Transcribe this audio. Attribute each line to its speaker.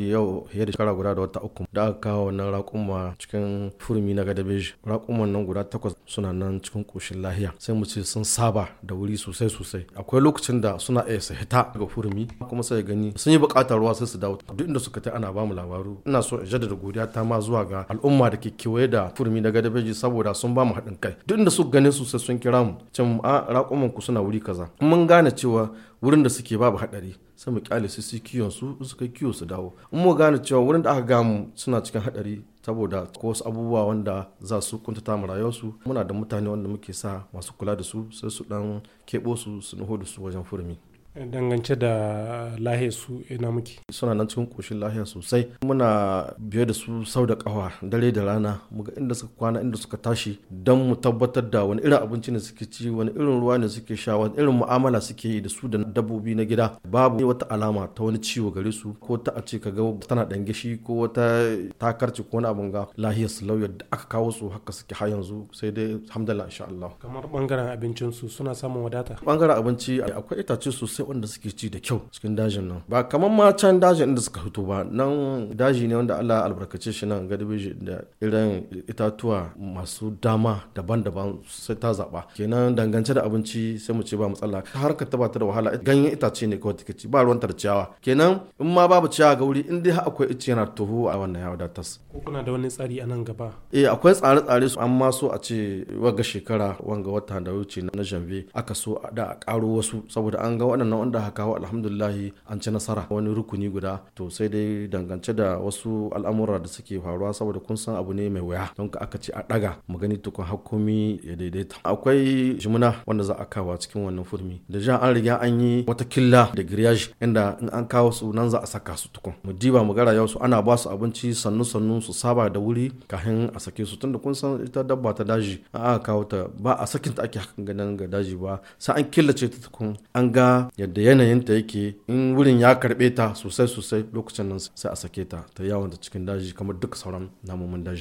Speaker 1: yau fiye da shekara guda da wata uku da aka kawo wannan raƙuma cikin furumi na gadabeji raƙuman nan guda takwas suna nan cikin ƙoshin lahiya sai mu ce sun saba da wuri sosai sosai akwai lokacin da suna iya su hita daga furumi kuma sai gani sun yi buƙatar ruwa sai su dawo duk inda suka ta ana ba mu labaru ina so in jaddada godiya ta ma zuwa ga al'umma da ke kewaye da furumi na gadabeji saboda sun ba mu haɗin kai duk inda suka gane sosai sun kira mu cin a raƙuman ku suna wuri kaza mun gane cewa wurin da suke babu haɗari sai mu kyale su su kiwon su su kai kiwo su dawo in mu gane cewa wurin da aka gamu suna cikin hadari saboda ko wasu abubuwa wanda za su kuntata mu rayuwarsu muna da mutane wanda muke sa masu kula da su sai su dan keɓosu su su nuho da su wajen furmi
Speaker 2: dangance da lahiyar su ina muke suna nan cikin koshin
Speaker 1: lahiya sosai muna biye da su sau da kawa dare da rana muga inda suka kwana inda suka tashi don mu tabbatar da wani irin abinci ne suke ci wani irin ruwa ne suke sha wani irin mu'amala suke yi da su da dabbobi na gida babu wata alama ta wani ciwo gare su ko ta a ce ka ga tana dan gishi ko wata takarci ko wani abin ga lahiyar su lauyar da aka kawo su haka suke har yanzu sai dai alhamdulillah insha Allah
Speaker 2: kamar bangaren abincin su suna samun wadata
Speaker 1: bangaren abinci akwai itace sosai sai wanda suke ci da kyau cikin dajin nan ba kamar ma can dajin inda suka fito ba nan daji ne wanda Allah albarkace shi nan gadabe da irin itatuwa masu dama daban-daban sai ta zaba kenan dangance da abinci sai mu ce ba matsala har ka tabata da wahala ganyen itace ne kawai take ci ba ruwan tarciyawa kenan in ma babu ciyawa ga wuri in dai akwai ice yana toho a wannan ya tas.
Speaker 2: ko kuna da wani tsari a nan gaba
Speaker 1: eh akwai tsare-tsare su amma so a ce wanga shekara wanga wata da wuce na janvier aka so a da a karo wasu saboda an ga waɗannan wannan wanda aka kawo alhamdulillahi an ci nasara wani rukuni guda to sai dai dangance da wasu al'amura da suke faruwa saboda kun san abu ne mai wuya don ka aka ce a daga magani tukun hakumi ya daidaita akwai jimuna wanda za a kawo cikin wannan furmi da jan an riga an yi wata killa da giryaji inda in an kawo su nan za a saka su tukun mu diba mu gara yau su ana ba su abinci sannu sannu su saba da wuri kafin a sake su tunda kun san ita dabba ta daji an aka kawo ta ba a sakin ta ake hakan ganin ga daji ba sai an killace ta tukun an ga yadda yanayinta yake in wurin ya karbe ta sosai sosai lokacin nan sai a sake ta ta yawon da cikin daji kamar duk sauran namomin daji